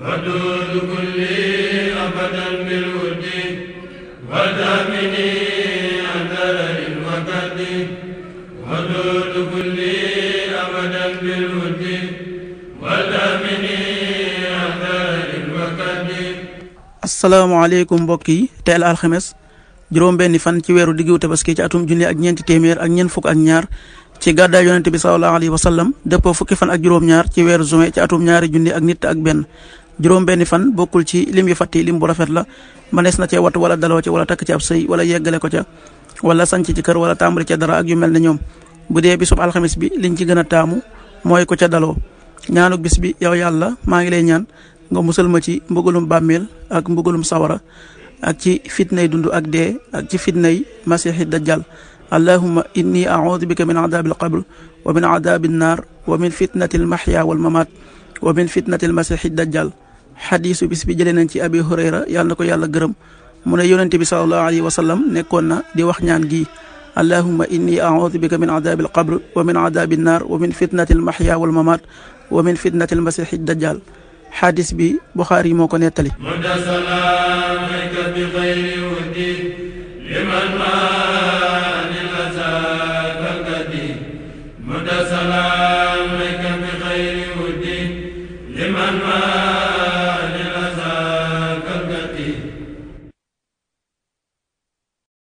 ودود كلي أبدا بالود ودامني أدر وكد ودود كلي أبدا بالود ودامني أدر وكد asalaamaaleykum mbokk yi teel alxames juróom benni fan ci weeru diggu tabaski ci atum junni ak ñeenti téeméer ak ñeent fukk ak ñaar ci gàddaay yonente bi sallallahu alayhi wa sallam fukki fan ak juróom-ñaar ci weeru juin ci atum ñaari junni ak nit ak benn juróom-benni fan bokkul ci lim yu fàtti lim bu rafet la manees na cee watu wala daloo ci wala takk ci ab sëy wala yeggale ko ca wala sanc ci kër wala tàmbali ca dara ak yu mel ne ñoom bu dee bisub alxamis bi liñ ci gën a taamu mooy ko ca daloo ñaanuk bis bi yow yàlla maa ngi lay ñaan nga musal ma ci mbugalum bàmmeel ak mbugalum sawara ak ci fitnay dund ak dee ak ci fitnay masiixi dajjal allahumma inni audu bika min adabi alqabr wa min adabi annaar wa min fitnati almahya walmamat wa min fitnati almasiixi dajjal xadiisu bis bi jëlee nañ ci abi hurayra yàlla na ko yàlla gërëm mu ne yonente bi salallahu alayhi wa sallam nekkoon na di wax ñaan gii allahuma inni audu bika min adabi alqabr wa min adabi annaar wa min fitnati almahya walmamat wa min fitnati almasihi dajjal xadis bi buxaari yi moo ko nettali man